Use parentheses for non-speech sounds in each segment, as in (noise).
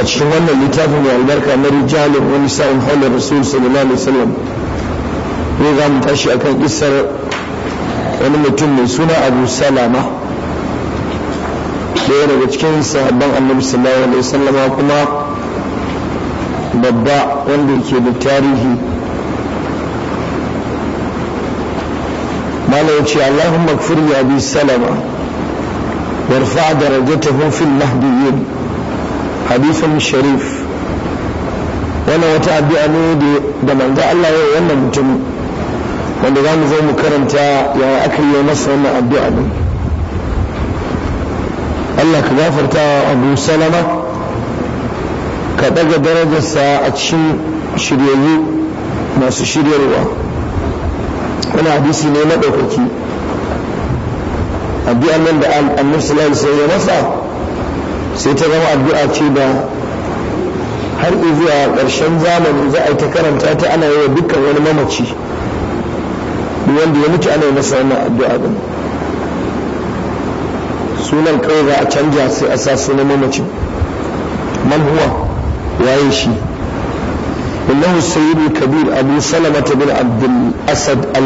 a cikin wannan littafin mai albarka na rijalin wani sa'in haular rasul sallallahu alaihi wasallam ne za mu tashi akan isar wani mutum mai suna abu salama ɗaya daga cikin sahabban annabi sallallahu alaihi wasallam kuma babba wanda ke da tarihi malam ya ce allahumma kfir ya abi salama warfa darajatahu fil mahdiyyin hadisin sharif wannan wata addu'a ne da manzo Allah ya wannan mutum wanda za mu zo mu karanta ya aka yi masa wannan addu'a ne Allah ka gafarta wa Abu Salama ka daga darajarsa a cikin shiryayyu masu shiryarwa wani hadisi ne na ɗaukaki addu'an nan da annabi sallallahu alaihi wasallam ya masa sai ta zama addu'a ce da har zuwa ƙarshen zamani za a yi ta karanta ta ana yi wa dukkan wani mamaci wanda ya mutu ana yi masa wannan addu'a din sunan kawai za a canja sai a sa sunan mamacin man huwa yi shi Sayyidu Kabir Abu salama ta bin Abdul asad al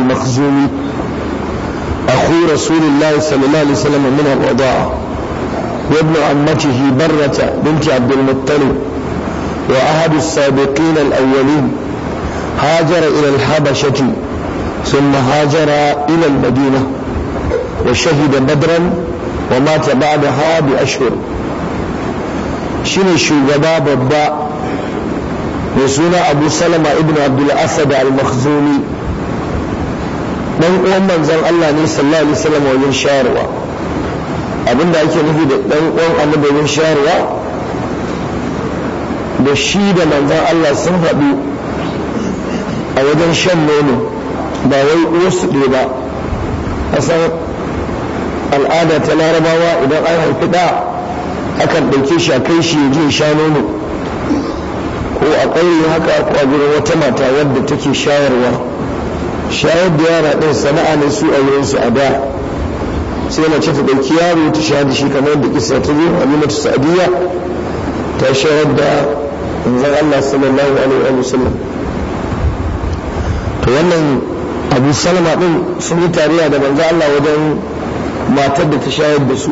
أخو رسول الله صلى الله عليه وسلم من الرضاعة وابن عمته برة بنت عبد المطلب وأحد السابقين الأولين هاجر إلى الحبشة ثم هاجر إلى المدينة وشهد بدرا ومات بعدها بأشهر شنو شugaba babba mai suna abu salama ibn abdul asad al-makhzumi dan uwan manzon Allah ne sallallahu alaihi wajen shayarwa Abin da ake nufi da ɗan uwan annabi shayarwa da shi da manzon Allah sun haɗu a wajen shan nono ba wai wasu ɗaya ba a san al'ada ta larabawa idan an haifi ɗa akan ɗauke shi a kai shi ya je sha nono ko a ƙauye haka ko a gurin wata mata wadda take shayarwa shayar da yara ɗin sana'a ne su a wurinsu a da sai na ta ɗauki yaro ta sha da shi kamar da kisa ta zo a mimatu sa'adiyya ta shayar da zan Allah sallallahu alaihi wa sallam to wannan abu salama din sun yi tariya da manzo Allah wajen matar da ta shayar da su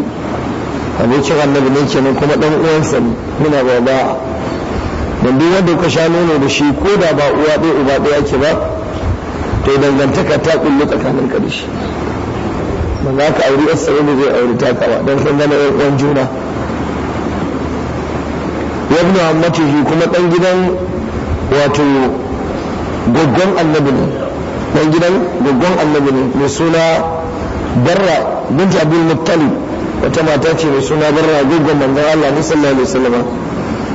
abokin annabi ne kenan kuma dan uwansa muna ba ba don duk wanda ka sha nono da shi ko da ba uwa ɗaya uba ɗaya ake ba to dangantaka ta kullu tsakanin ka da shi ba za ka auri yasa wani zai auri ta kawa don kun gane yan juna yabnu ammatihi kuma dan gidan wato gaggon annabi ne dan gidan gaggon annabi ne mai suna barra binti abdul muttalib wata mata ce mai suna barra gaggon manzon Allah ne sallallahu alaihi wasallam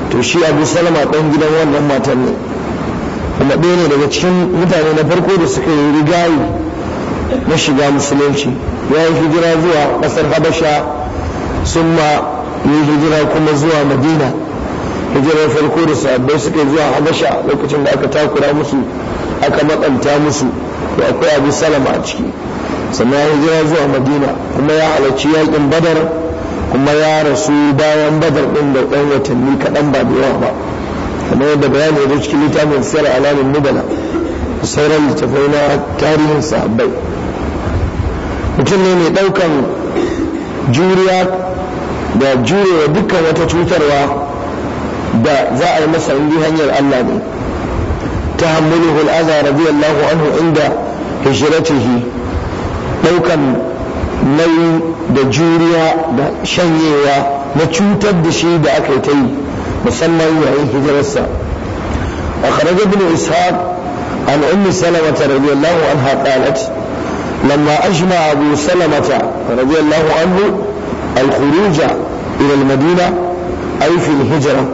to shi abu salama dan gidan wannan matan ne kuma ɗaya ne daga cikin mutane na farko da suka yi rigayi na shiga musulunci ya yi hijira zuwa ƙasar habasha sun ma yi hijira kuma zuwa madina hijirar farko da sahabbai suka zuwa habasha lokacin da aka takura musu aka matsanta musu to akwai abu salama a ciki sannan ya hijira zuwa madina kuma ya halarci yakin badar kuma ya rasu bayan badar ɗin da ɗan watanni kaɗan ba da yawa ba kamar yadda bayani da cikin littafin siyar alamin nubala sauran littafai na tarihin sahabbai mutum ne mai ɗaukan juriya da jurewa dukkan wata cutarwa da za a yi masa indi hanyar Allah ne ta hamuluhu hul'aza radiyallahu anhu inda hijiratihi ɗaukan nauyi da juriya da shanyewa na cutar da shi da aka yi ta yi musamman yayin hijirarsa a kharaja ibn ishaq an ummi salamata radiyallahu anha qalat لما أجمع أبو سلمة رضي الله عنه الخروج إلى المدينة أي في الهجرة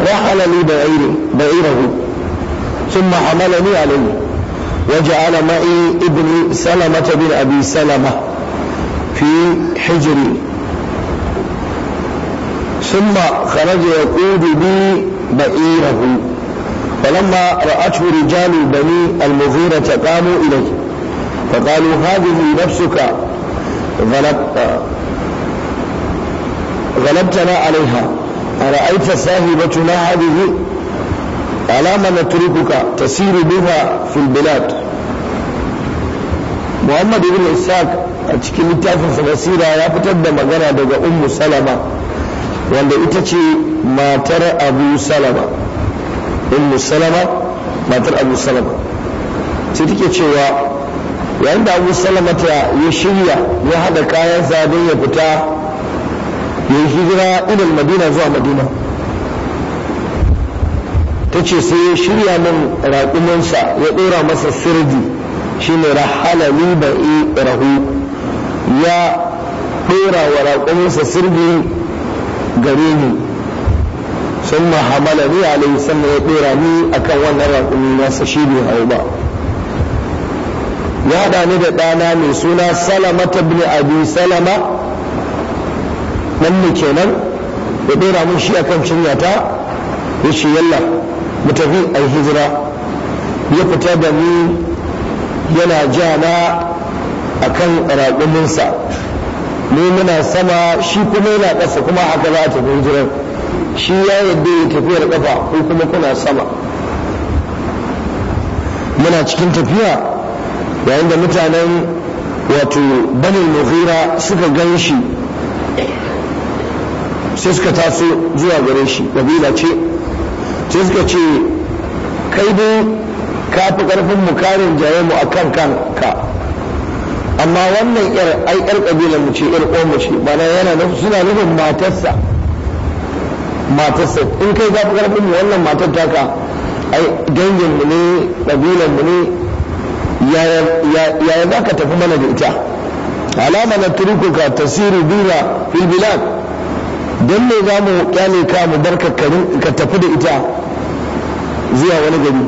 رحل لي بعير بعيره ثم حملني عليه وجعل معي ابن سلمة بن أبي سلمة في حجري ثم خرج يقود بي بعيره فلما رأته رجال بني المغيرة قاموا إليه فقالوا هذه نفسك غلب غلبتنا عليها أرأيت صاحبتنا هذه على ما نتركك تسير بها في البلاد محمد بن إسحاق a cikin littafinsa basira ya fitar da magana daga ummu salama wanda ita ce matar abu salama ummu salama matar abu salama sai cewa yayin da abu salamata ya shirya ya haɗa kayan don ya fita ya yi hijira idan madina zuwa madina ta ce sai ya shirya min raƙuminsa ya ɗora masa sirdi shine rahala liba'i rahu ya ɗora wa raƙuminsa sirri gare ni sun hamala ni alaihi sannan ya ɗora ni akan wannan raƙumin nasa shi ne hau ba ya haɗa ni da ɗana mai suna salama ta bin abu salama nan ne kenan ya ɗora mun shi akan ta ya ce yalla mu tafi a hijira ya fita da ni yana ja na kan raƙuminsa ni muna sama shi kuma yana ƙasa kuma haka za a tafi hijirar shi ya yadda ya tafiyar ƙafa ko kuma kuna sama muna cikin tafiya yayin da mutanen wato banin mughira suka gan shi sai suka taso zuwa gare shi ƙabila ce sai suka ce kai dai ka fi ƙarfin mukarin jaye mu a kan kanka amma wannan yar ai yar ƙabilar mu ce yar ƙoma ce Bana yana suna nufin matarsa matarsa in kai ka fi mu wannan matar taka ai dangin mu ne ƙabilar mu ne yaya za ka tafi mana da ita alama na turukuka tasiri duna fil bilad don ne za mu kyale ka mu bar ka tafi da ita zuwa wani gari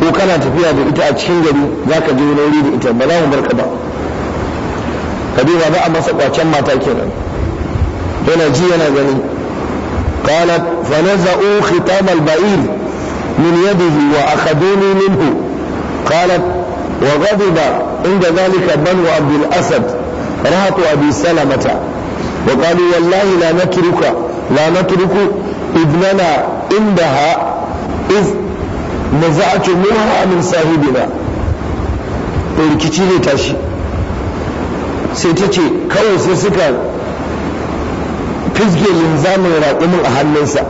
ko kana tafiya da ita a cikin gari za ka je wani wuri da ita ba za mu bar ka ba kabila ba a masa kwacen mata kenan yana ji yana gani قالت فنزعوا ختام البعير من يده وأخذوني منه قالت وغضب عند ذلك بنو عبد الأسد رهط أبي سلمة وقالوا والله لا نترك لا نترك ابننا عندها إذ نزعتموها من صاحبنا rikici ne tashi sai ta ce kawai sai suka fisge linzamin raƙumin a hannunsa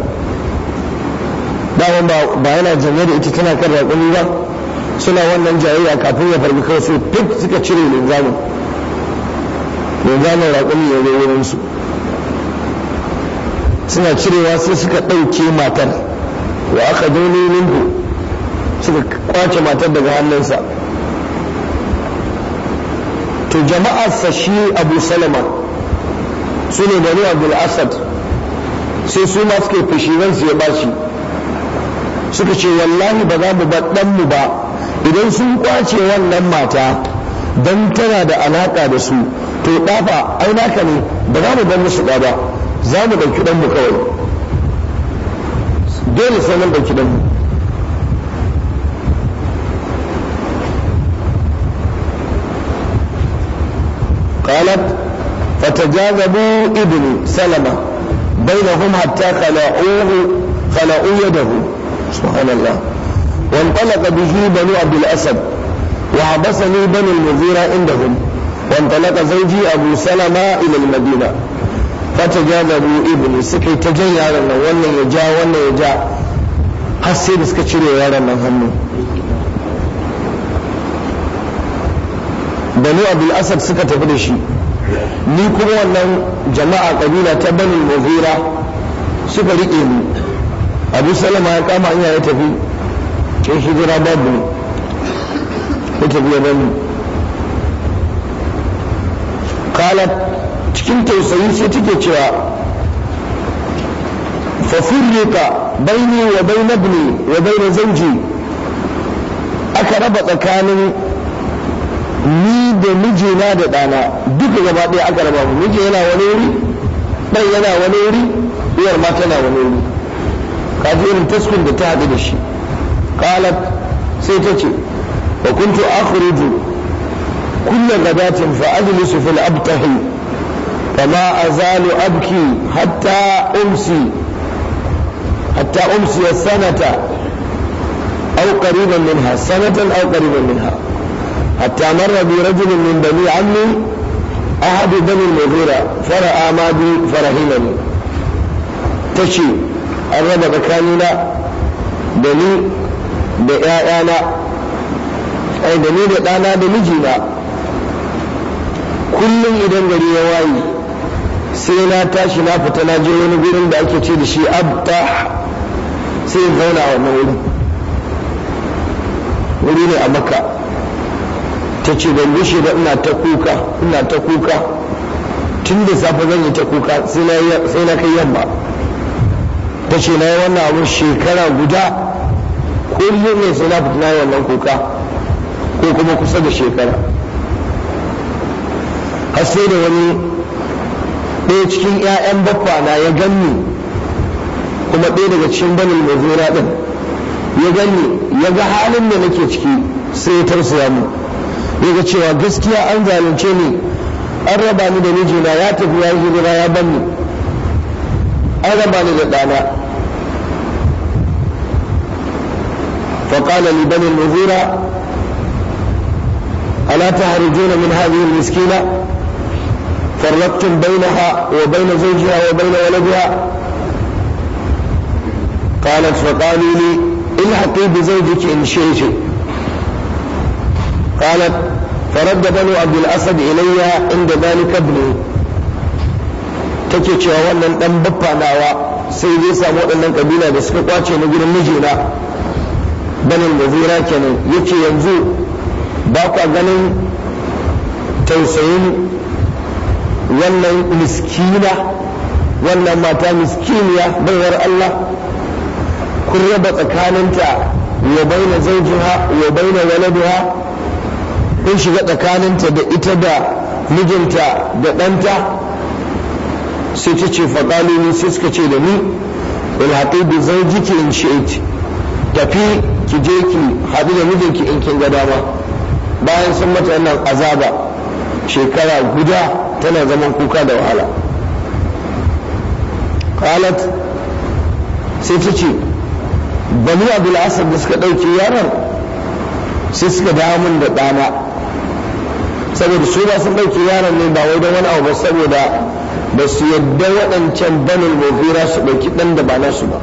ba yana janye da ita tana kan raƙumi ba suna wannan jayayya kafin ya farbi kawai sai suka cire linzamin linzamin raƙumi ya zo su suna cirewa sai suka ɗauke matar wa aka dole minhu suka kwace matar daga hannunsa to jama'arsa shi abu salama su ne bani abdul asad sai su ma suka fushi ransu ya bashi suka ce wallahi ba za mu ba ɗanmu ba idan sun kwace wannan mata don tana da alaka da su to ɗafa ai naka ne ba za mu bar musu ɗa ba za mu ɗauki ɗanmu kawai dole sai mun ɗauki ɗanmu قالت فتجاذبوا ابن سلمة بينهم حتى خلعوه خلعوا يده سبحان الله وانطلق به بنو عبد الأسد وحبسني بني المغيرة عندهم وانطلق زوجي أبو سلمة إلى المدينة فتجاذبوا ابني سكي تجي على ولا يجا ولا يجا حسين سكتشري على هم banu abdul asad suka tafi da shi ni kuma wannan jama'a kabila ta banu mughira suka rike ni abu salama ya kama hanya ya tafi in hijira babu ne ta biya babu kala cikin tausayi sai take cewa fafurrika baini wa bain ibni wa bain zawji aka raba tsakanin ni da mijina da ɗana duka gaba ɗaya aka raba mu miji yana wani wuri ɗan yana wani wuri uwar ma tana wani wuri kaji irin taskun da ta haɗu da shi قالت سيتتي وكنت أخرج كل غداة فأجلس في الأبطح فما أزال أبكي حتى أمسي حتى أمسي السنة أو قريبا منها سنة أو قريبا منها حتى مر بي رجل من بني عمي أحد بني المغيرة فرأى ما بي فرهنني تشي أغلب كاننا بني da ‘ya'yana ai da ni da ɗana da mijina kullum idan gari ya waye sai na tashi na fita na je wani gurin da ake ce da shi abta sai in zauna a wannan wuri wuri ne a maka ta ce ban gushe ba ina ta kuka ina ta kuka tun da safe zan yi ta kuka sai na kai yamma ta ce na yi wannan abun shekara guda kullum ne sai na fitina wannan kuka ko kuma kusa da shekara har sai da wani ɗaya cikin 'ya'yan baffa na ya ganni kuma ɗaya daga cikin banin mai zura ɗin ya ganni ya ga halin da nake ciki sai ya tausaya mu ya ga cewa gaskiya an zalunce ni an raba ni da mijina ya tafi ya hijira ya banni an raba ni da ɗana وقال لبني النذير ألا تهرجون من هذه المسكينة فرقتم بينها وبين زوجها وبين ولدها قالت فقالوا لي الحقي بزوجك إن شئت قالت فرد بنو عبد الأسد إلي عند ذلك ابني take cewa wannan dan baffa nawa sai zai samu waɗannan kabila da suka kwace na gidan mijina banin nazira kenan yake yanzu ba kwa ganin tausayin wannan miskina wannan mata miskiniya bayar Allah kun raba tsakaninta ya baina zaujiha ya baina waladiha kun shiga tsakaninta da ita da mijinta da ɗanta sai ta ce ne sai suka ce da ni ilhaƙi bi zaujiki in tafi ki je ki haɗu da mijinki in kin ga dama bayan sun mata wannan azaba shekara guda tana zaman kuka da wahala qalat sai ta ce bani abul asad da suka ɗauke yaron sai suka damun da ɗana saboda su ba sun ɗauke yaron ne ba wai don wani abu ba saboda ba su yadda waɗancan banin mafira su ɗauki ɗan da ba nasu ba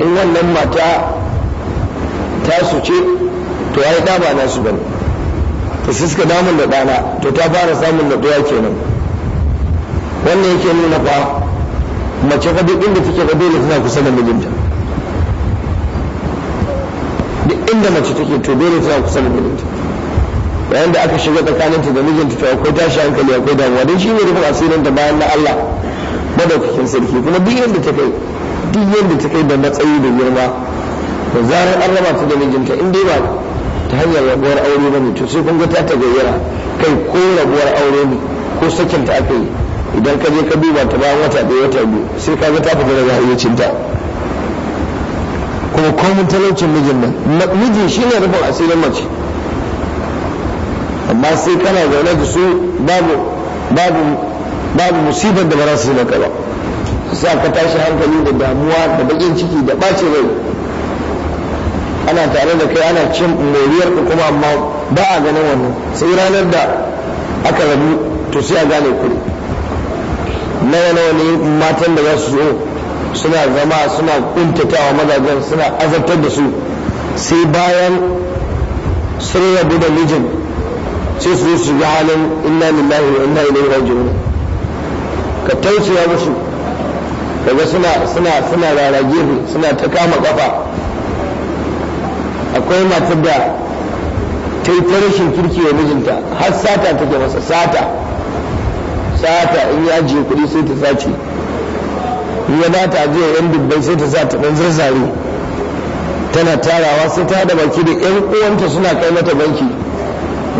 in wannan mata tasu ce to ya yi ɗa ba nasu ba ne to su suka damun da ɗana to ta fara samun da doya kenan wannan yake nuna ba mace fa duk inda take fa dole tana kusa da mijinta duk inda mace take to dole tana kusa da mijinta yayin da aka shiga tsakaninta da mijinta to akwai tashi hankali akwai damuwa don shi ne rufin asirin da bayan na Allah madaukakin sarki kuma duk yadda ta kai duk yadda ta kai da matsayi da girma da zarar an raba ta da mijinta in dai ba ta hanyar rabuwar aure ba ne to sai kun ga ta gayyara kai ko rabuwar aure ne ko sakin ta aka yi idan ka je ka duba ta bayan wata biyu wata biyu sai ka ga ta fita daga hayyacinta kuma komin talaucin mijin nan mijin shi ne rufin asirin mace amma sai kana zaune da su babu musibar da ba za su yi maka ba sa ka tashi hankali da damuwa da bakin ciki da ɓace rai ana tare da kai ana cin moriyar ku kuma amma ba a ganin wannan sai ranar da aka rabu to sai a gane kuɗi nawa nawa ne matan da za su zo suna zama suna kuntatawa mazajen suna azabtar da su sai bayan sun rabu da mijin sai su su ga halin inna lillahi wa inna ilaihi raji'un ka tausaya musu kaga suna suna suna rarage suna ta kama kafa akwai mata da ta yi tarashin kirki wa mijinta har sata take masa sata sata in ya ajiye kuɗi sai ta sace in ya ba ta zuwa yan dubbai sai ta sa ta ɗan zarzare tana tarawa sai ta da baki da yan uwanta suna kai mata banki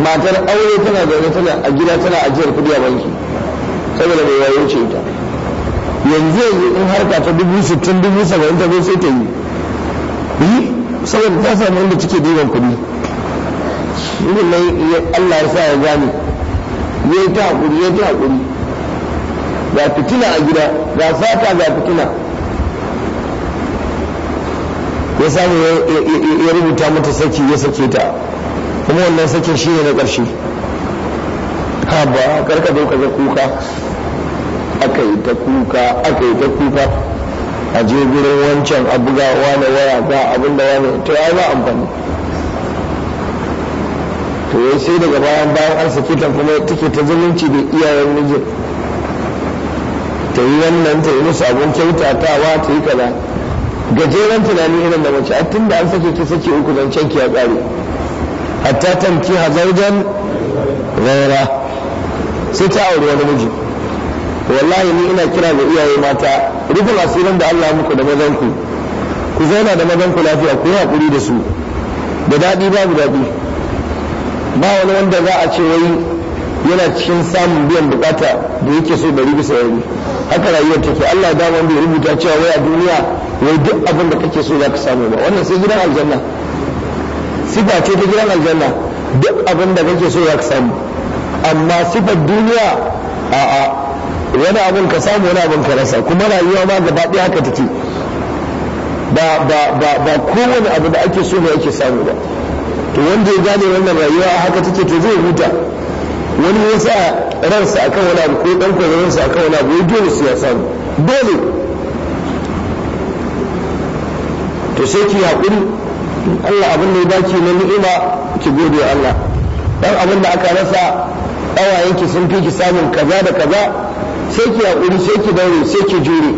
matar aure tana zaune tana a gida tana ajiyar kuɗi a banki saboda bai yayo ce ta yanzu yanzu in harka ta dubu sittin dubu saba'in ta zo sai ta yi saboda ta samu wanda take biyan kuɗi irin nan Allah ya sa ya gane ya yi ta haƙuri ya ta haƙuri ga fitina a gida ga sata ga fitina ya samu ya rubuta mata saki ya sake ta kuma wannan sakin shi ne na ƙarshe ha ba karka zo ka ga kuka aka yi ta kuka aka yi ta kuka a je gurin wancan a buga wane waya ga abin da wane to ya za amfani to ya sai daga bayan bayan an saki ta kuma take ta zumunci da iyayen mijin ta yi wannan ta yi musu abin kyautatawa ta yi kaza gajeren tunani irin da mace a tun da an sake ki sake uku zan canki ya tsare hatta tamki hazardan gaira sai ta auri wani miji wallahi ni ina kira ga iyaye mata rufin asirin da Allah muku da mazanku ku zauna da mazanku lafiya ku yi hakuri da su da daɗi babu daɗi ba wani wanda za a ce wai yana cikin samun biyan bukata da yake so da bisa yari haka rayuwar take Allah da wanda ya rubuta cewa wai a duniya wai duk abin da kake so za ka samu ba wannan sai gidan aljanna sifa ce ta gidan aljanna duk abin da kake so za ka samu amma sifar duniya a'a wani abin ka samu wani abin ka rasa kuma rayuwa ma gaba ɗaya haka take ba ba ba ba kowane abu da ake so ne ake samu ba to wanda ya gane wannan rayuwa haka take to zai huta wani ya sa ransa akan wani abu ko dan a akan wani abu ya dole su ya samu dole to sai ki haƙuri Allah abin da ya baki na ni'ima ki gode Allah dan abin da aka rasa ɗawayenki sun fi ki samun kaza da kaza sai ki haƙuri sai ki daure sai ki jure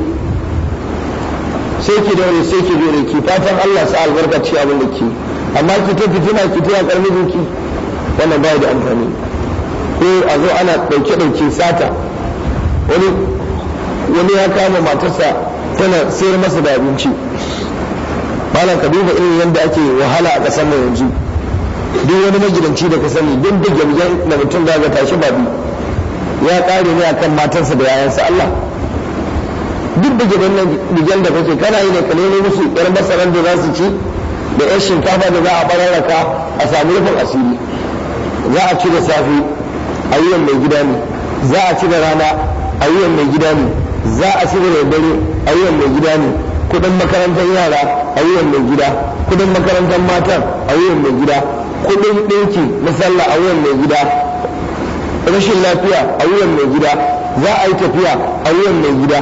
sai ki daure sai ki jure ki fatan Allah sa albarkaci abin da ki amma ki ta fitina ki ta yaƙar mijinki wannan ba da amfani ko a zo ana ɗauke ɗauke sata wani wani ya kama matarsa tana sayar masa da abinci malam ka duba irin yadda ake wahala a ƙasar mu yanzu duk wani magidanci da ka sani duk da gamgen na mutum da ga tashi babu ya ƙare ne akan matansa da yayansa Allah duk da gidan nan bigen da kake kana yi da kalele musu yar masarar da za su ci da yar shinkafa da za a bararraka a sami rufin asiri za a ci da safe a yi mai gida ne za a ci da rana a yi mai gida ne za a ci da dare a yi mai gida ne kudin makarantar yara a yi mai gida kudin makarantar matan a yi mai gida kudin ɗinki na sallah a yi mai gida rashin lafiya a wuyan mai gida za a yi tafiya a wuyan mai gida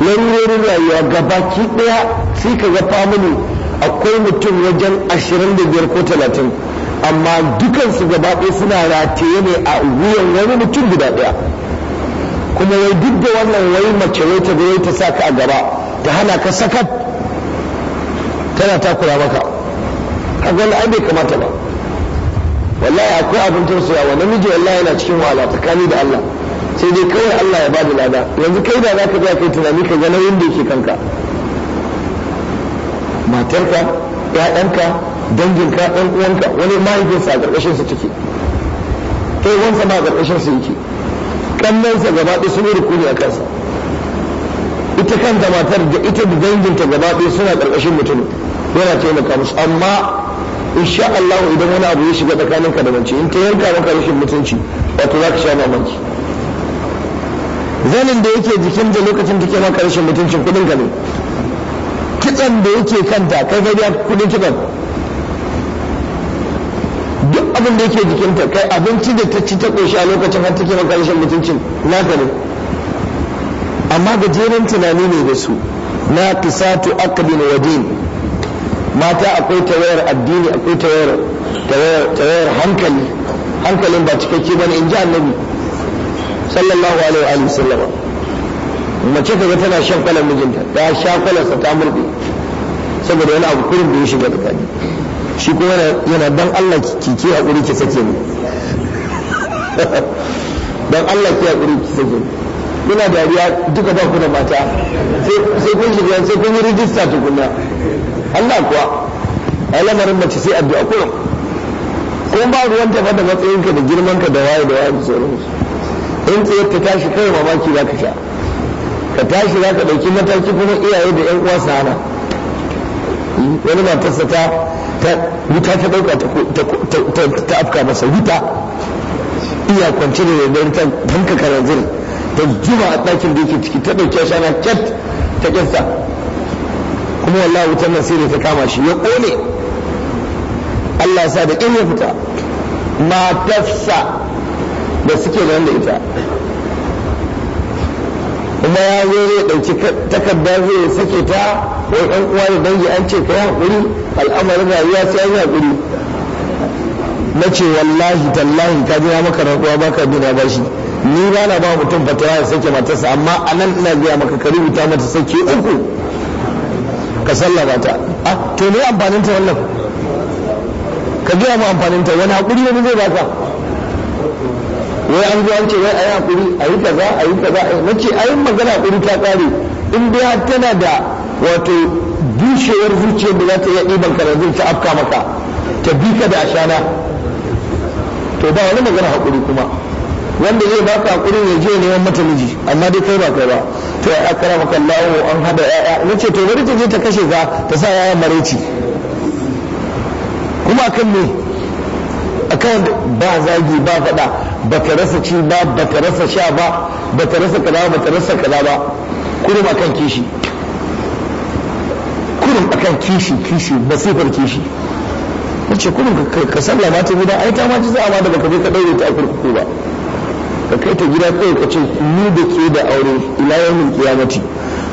larurorin rayuwa gabaki daya sai ka ga famili akwai mutum wajen ashirin da biyar ko talatin amma dukansu gaba ɗaya suna rataye ne a wuyan wani mutum guda ɗaya kuma wai duk da wannan wai mace wai ta wai ta saka a gaba ta hana ka sakat tana takura maka kaga ai abin kamata ba wallahi akwai abin wa namiji wallahi yana cikin wahala tsakani da Allah sai dai kawai Allah ya bada lada yanzu kai da zaka ga kai tunani ka ga nauyin da yake kanka matarka ƴaƴanka danginka ɗan uwanka wani mahaifinsa a ƙarƙashin sa take kai wansa ma a ƙarƙashin sa yake kannansa gaba ɗaya sun kuni a kansa ita kanta matar da ita da danginta gaba ɗaya suna ƙarƙashin mutum yana taimaka musu amma insha Allah idan wani abu ya shiga ka da mace in ta yanka maka rashin mutunci wato za ka sha mamaki zanin da yake jikin da lokacin ke maka rashin mutuncin kudin ka ne kitsan da yake kanta kai ga biya kudin kitsan duk abin da yake jikinta kai abinci da ta ci ta koshi a lokacin har take maka rashin mutuncin naka ne amma gajeren tunani ne da su na kisatu akabin wadin mata akwai tawayar addini akwai tawayar hankali hankalin ba cikakke bane in ji annabi sallallahu alaihi wa sallama mace kaga tana shan kwalar mijinta ta sha sa ta murɗe saboda wani abu kurin da ya shiga tsakani shi kuma yana dan Allah ki ki hakuri ki sake ni (laughs) dan Allah ki hakuri ki sake ni muna dariya duka ba ku da mata sai kun shiga sai kun yi rijista tukunna Allah kuwa a lamarin mace sai addu'a kurum ko ba ruwan tafa da matsayinka da girmanka da waye da waye da sauransu in tsaye ta tashi kai mamaki za ka sha ka tashi za ka ɗauki mataki kuma iyaye da yan uwa su hana wani matarsa ta wuta ta ɗauka ta afka masa wuta iya kwanci da yadda ta banka karanzir ta zuba a ɗakin da yake ciki ta ɗauki shana cat ta ƙinsa kuma wallahi wutar nan sai da ta kama shi ya kone Allah ya sa da in ya fita matarsa da suke nan da ita kuma ya zo zai ɗauki takarda zai sake ta wai ɗan uwa da dangi an ce kai hakuri al'amarin rayuwa sai an hakuri na ce wallahi tallahi ka jira maka rantsuwa ba ka bina ba shi ni ba na ba mutum fatawa ya sake matarsa amma anan nan ina biya maka karibu ta mata sake uku ka sallama ta a ah, to ne amfanin ta wannan ka gaya mu amfanin ta wani hakuri ne zai baka wai an zo an ce wai ayi hakuri ayi kaza ayi kaza eh, nace ayi magana hakuri ta kare in dai tana da wato dushewar zuciyar da za ta iya ɗiban ka ta afka maka ta bi ka da ashana to ba wani magana hakuri kuma wanda zai baka hakuri ya je neman mata miji amma dai kai ba kai ba to ya akara maka Allahu an hada yaya nace to bari ta je ta kashe ka ta sa yaya mareci kuma kan me akan ba zagi ba fada ka rasa ci ba ka rasa sha ba ka rasa kaza baka rasa kaza ba kurum akan kishi kurum akan kishi kishi basifar kishi wace kurum ka sallama ta gida ai ta ma ji za a ma da baka je ka daure ta a kurkuku ba ka kai ta gida kawai ka ce ni da ke da aure ila yawmin kiyamati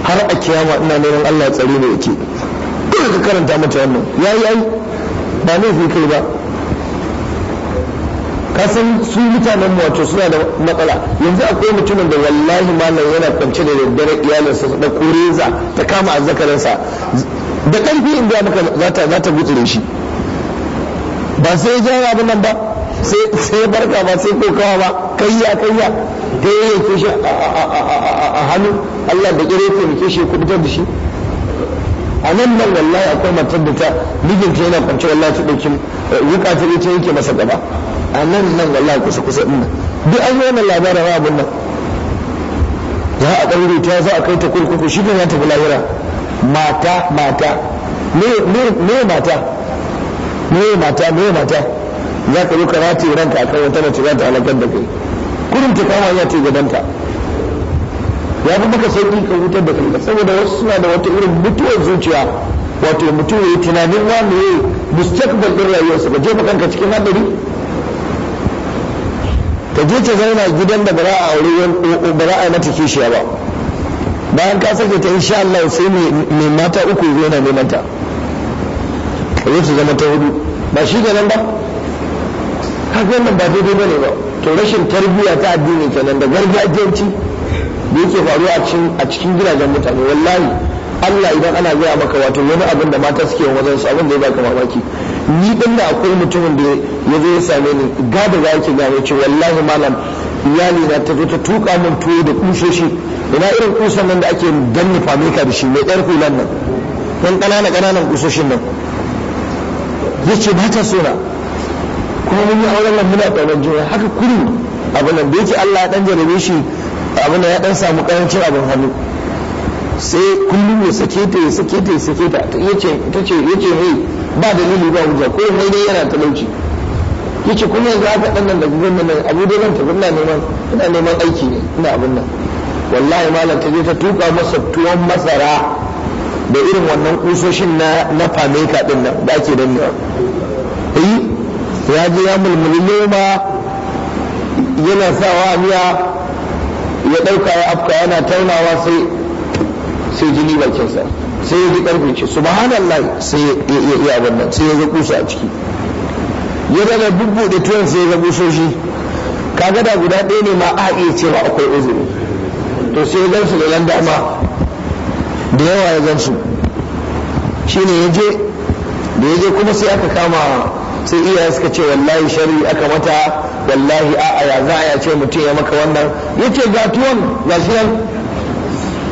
har a kiyama ina neman Allah tsare ne yake dole ka karanta mata wannan yayi ai ba ne fi kai ba ka san su mutanen mu wato suna da matsala yanzu akwai mutumin da wallahi malam yana kwance da daddare iyalinsa da koreza ta kama azzakarinsa da karfi in ga maka za ta za ta gutsure shi ba sai ya jira abin nan ba sai barka ba sai ko kawa ba kayya kayya da ya yanke shi a hannu Allah da kire taimake shi kubutar da shi a nan nan wallahi akwai matar da ta mijinta yana kwance wallahi ta dauki eh, wuka ta ce yake masa gaba a nan nan wallahi kusa kusa din nan duk an yi wannan labarin abun nan za a ɗaure ta za a kai ta kurkuku shi kan ya tafi lahira mata mata me mata me mata me mata za ka zo ka rataye ranka akan wata mace za ta halakar da kai kurin ta kama ya ce gadanta ya fi maka sauƙi ka hutar da kai saboda wasu suna da wata irin mutuwar zuciya wato mutum ya yi tunanin wani ya yi mustakbal ɗin rayuwarsa ka jefa kanka cikin hadari ka je ta zauna gidan da ba za a aure ba za a mata kishiya ba bayan ka sake ta insha Allah sai mai mata uku na neman ta ka zo ta zama ta hudu ba shi nan ba kafin nan ba daidai bane ba to rashin tarbiyya ta addini kenan da gargajiyanci da yake faruwa a cikin gidajen mutane wallahi Allah idan ana gaya maka wato wani abin da mata suke wajen su abin da ya baka mamaki ni din da akwai mutumin da ya zo ya same ni gada za ki gane ce wallahi malam iyali na ta zo ta tuka min tuwo da kusoshi ina irin kusan nan da ake danne famika da shi mai yar hulan nan dan kanana kananan kusoshin nan yace ba ta so kuma mun yi auren nan muna ƙaunar juna haka kurin abin nan da yake Allah ya dan jarabe shi abin nan ya dan samu karancin abin hannu sai kullum ya sake ta ya sake ta ya sake ta ta yace ce yace hey ba dalili ba hujja ko mai dai yana talauci yace kuma yanzu aka dan nan da gurbin nan abu da ban tafi ina neman ina neman aiki ne ina abin nan wallahi malam ta je ta tuka masa tuwon masara da irin wannan kusoshin na na fameka din nan da ake danna eh ya ji ya mulmuli noma yana sawa miya ya ɗauka ya afka yana taunawa sai sai jini bakinsa sai ya ji su shi subhanallah sai ya iya iya wannan sai ya ga kusa a ciki ya daga da tuwon sai ya ga shi kaga da guda ɗaya ne ma a iya cewa akwai uzuri to sai ya gansu da nan dama da yawa ya gansu shine ya je da ya je kuma sai aka kama sai iya suka ce wallahi shari'i aka mata wallahi a ya za a ce mutum ya maka wannan ce ga tuwon ga shi nan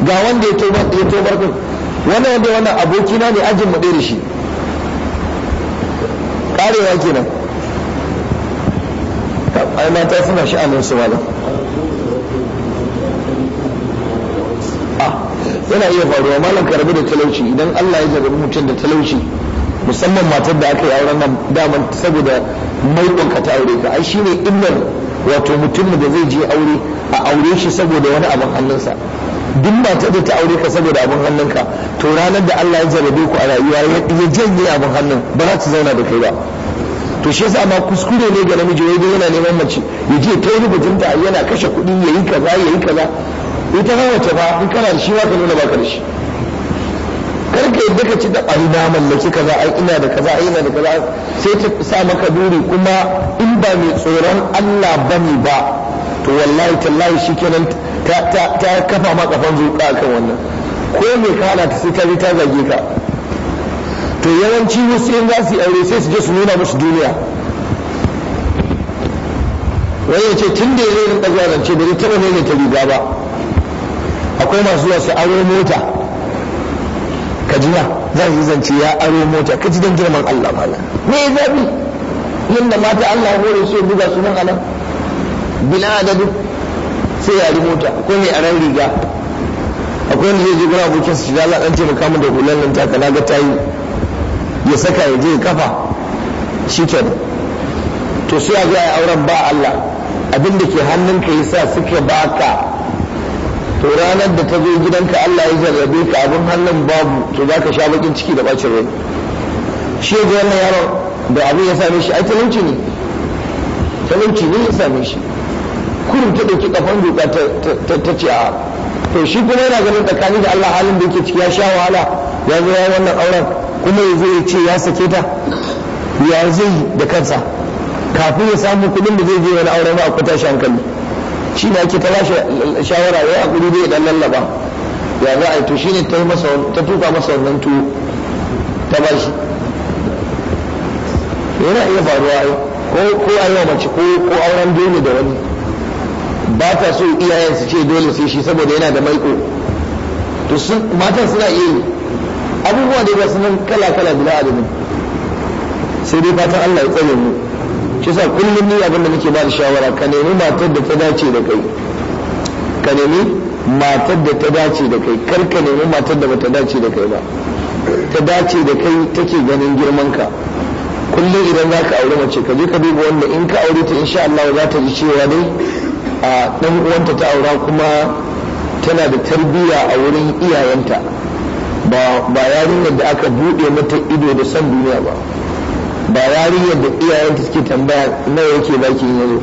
ga wanda ya tobar ya tobar din wannan wanda wannan aboki na ne ajin mu da shi karewa kenan ai mata suna sha'anin su malam ah, yana iya faruwa malam karbi da talauci idan Allah ya jarrabi mutum da talauci musamman matar da aka yi auren nan daman saboda maikon ka ta aure ka ai shine illar wato mutum da zai je aure a aure shi saboda wani abin hannunsa duk matar da ta aure ka saboda abin hannunka to ranar da Allah ya jarabe ku a rayuwa ya janye abin hannun ba za ta zauna da kai ba to shi yasa ma kuskure ne ga namiji wai yana neman mace ya je ta yi bujinta yana kashe kuɗi yayi kaza yayi kaza ita ta wace ba in kana da shi ba ka nuna ba ka da shi kar ka yadda ka ci da ɓari na mallaki za a ina da kaza ina da kaza sai ta sa maka duri kuma in ba mai tsoron Allah ne ba to wallahi tallahi shi kenan ta kafa ma kafan zuƙa akan wannan ko me ka ta sai ta ta zage ka to yawanci wasu yin za su aure sai su je su nuna musu duniya wani ya ce tun da ya zai rinka zuwa da bai taɓa ne ta riga ba akwai masu zuwa su aure mota ka jiya zan yi zance ya aro mota ka ji dan girman Allah mana me ya zabi yadda mata Allah hore su buga su nan Bina bila adadu sai ya mota akwai mai aran riga akwai wanda zai je gurin abokin su shiga Allah ce taimaka da hulan nan taka na ga tayi ya saka ya je ya kafa ke to sai a ga auren ba Allah abin da ke ka yasa suka baka to ranar da ta zo gidanka Allah ya zarrabe ka abin hannun babu to za ka sha bakin ciki da bacin rai shi ya wannan yaron da abin ya same shi ai talauci ne talauci ne ya same shi kurin ta ɗauki kafan doka ta ce a to shi kuma yana ganin tsakani da Allah halin da yake ciki ya sha wahala ya zo ya wannan auren kuma ya zo ya ce ya sake ta ya zai da kansa kafin ya samu kuɗin da zai je wani auren ba a kwata shi hankali shi ne ake tala shawara ya hakuri dai idan lallaba ya za a yi to shi ne ta tuka masa wannan tuwo ta ba shi. yana iya faruwa ai ko ko a yi mace ko ko auren dole da wani ba ta so iyayen su ce dole sai shi saboda yana da maiko to sun matan suna iya yi abubuwa da ba su nan kala kala bila adamin sai dai fatan Allah ya tsare mu kisa kullum ni abin da nake ba da shawara ka nemi matar da ta dace da kai ka nemi matar da ta dace da kai kar ka nemi matar da bata dace da kai ba ta dace da kai take ganin girman ka kullum idan za ka aure mace ka je ka duba wanda in ka aure ta insha Allah za ta ji cewa dai a dan uwanta ta aura kuma tana da tarbiyya a wurin iyayenta ba yarinyar da aka buɗe mata ido da san duniya ba ba yarinyar da iyayenta suke tambaya nawa yake baki yanzu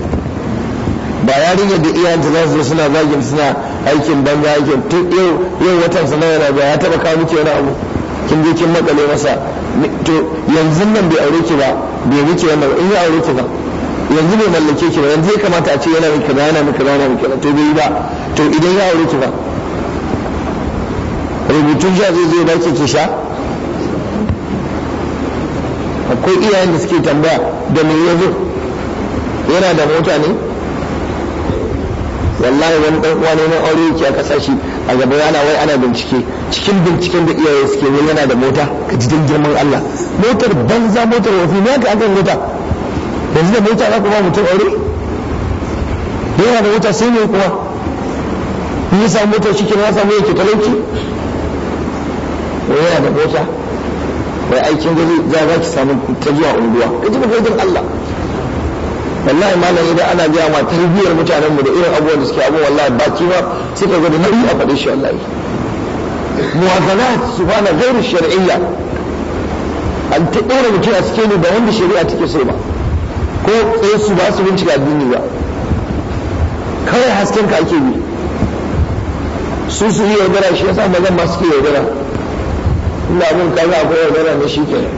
ba yarinyar da iyayenta za su zo suna zagin suna aikin banza aikin tun yau yau watan sa nawa ba ya taba kawo miki wani abu kin je kin makale masa to yanzu nan bai aure ki ba bai miki wannan ba in ya aure ki ba yanzu bai mallake ki ba yanzu ya kamata a ce yana miki kaza yana miki kaza yana miki kaza to bai ba to idan ya aure ki ba rubutun ja zai zo baki ki sha akwai iyayen da suke tambaya da me ya zo yana da mota ne wallahi wani dan uwa ne na aure yake a kasashe a gaba yana wai ana bincike cikin binciken da iyaye suke wai yana da mota ka ji dan girman Allah motar banza motar wafi ne ka aka mota yanzu da mota za ku ba mutum aure yana da mota sai ne kuma ni samu mota shi ke na samu yake talauci yana da mota wai aikin gari za za ki samu ta zuwa unguwa ka ji magajin Allah wallahi malam idan ana biya ma tarbiyyar mutanen mu da irin abubuwan da suke abubuwa wallahi baki ma su ka da nauyi a faɗi shi wallahi muwazanat subhana ghairu shar'iyya an ta ɗora mutum a cikin da wanda shari'a take so ba ko tsaye su ba su bincika addini ba kawai hasken ka ake bi su su yi yaudara shi yasa mazan ma suke yaudara inda abin kaza akwai yaudara ne shi kenan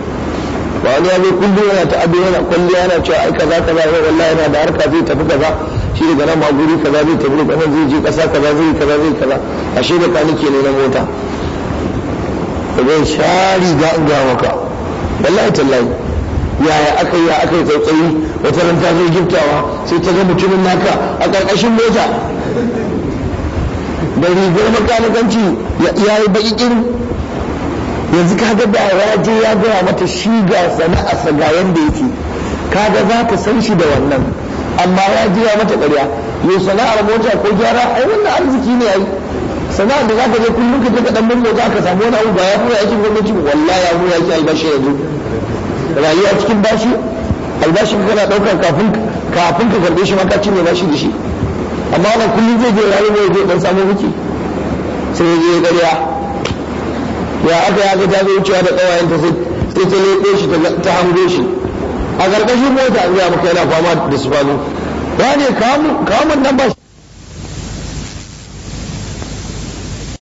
ba wani ya zo kullum yana ta abin yana kwalliya yana cewa ai kaza kaza yau wallahi yana da harka zai tafi kaza shi daga nan maguri kaza zai tafi daga nan zai je kasa kaza zai yi kaza zai kaza ashe da kanike ne na mota zai sha riga in ga maka wallahi tallahi yaya aka yi aka yi tsautsayi wata ran ta zo giftawa sai ta ga mutumin naka a ƙarƙashin mota da rigar makanikanci ya yi baƙiƙin yanzu kaga da ya je ya gaya mata shi ga sana'arsa ga yanda yake kaga za ka san shi da wannan amma ya je ya mata ƙarya yau sana'ar mota ko gyara ai wannan arziki ne ai sana'ar da za ka je kullum ka je ka dan za ka samu wani abu ba ya fura aikin gwamnati wallahi ya fura yake albashi yanzu rayuwa cikin bashi albashin na ɗaukar kafin kafin ka karɓe shi makaci ne bashi da shi amma wannan kullum zai je rayuwa zai dan samu wuki sai ya je ƙarya ya aka ya ga ta zo wucewa da ta sai ta leƙo shi ta hango shi a ƙarƙashin mota an gaya maka yana fama da su falo ya ne kamun nan ba shi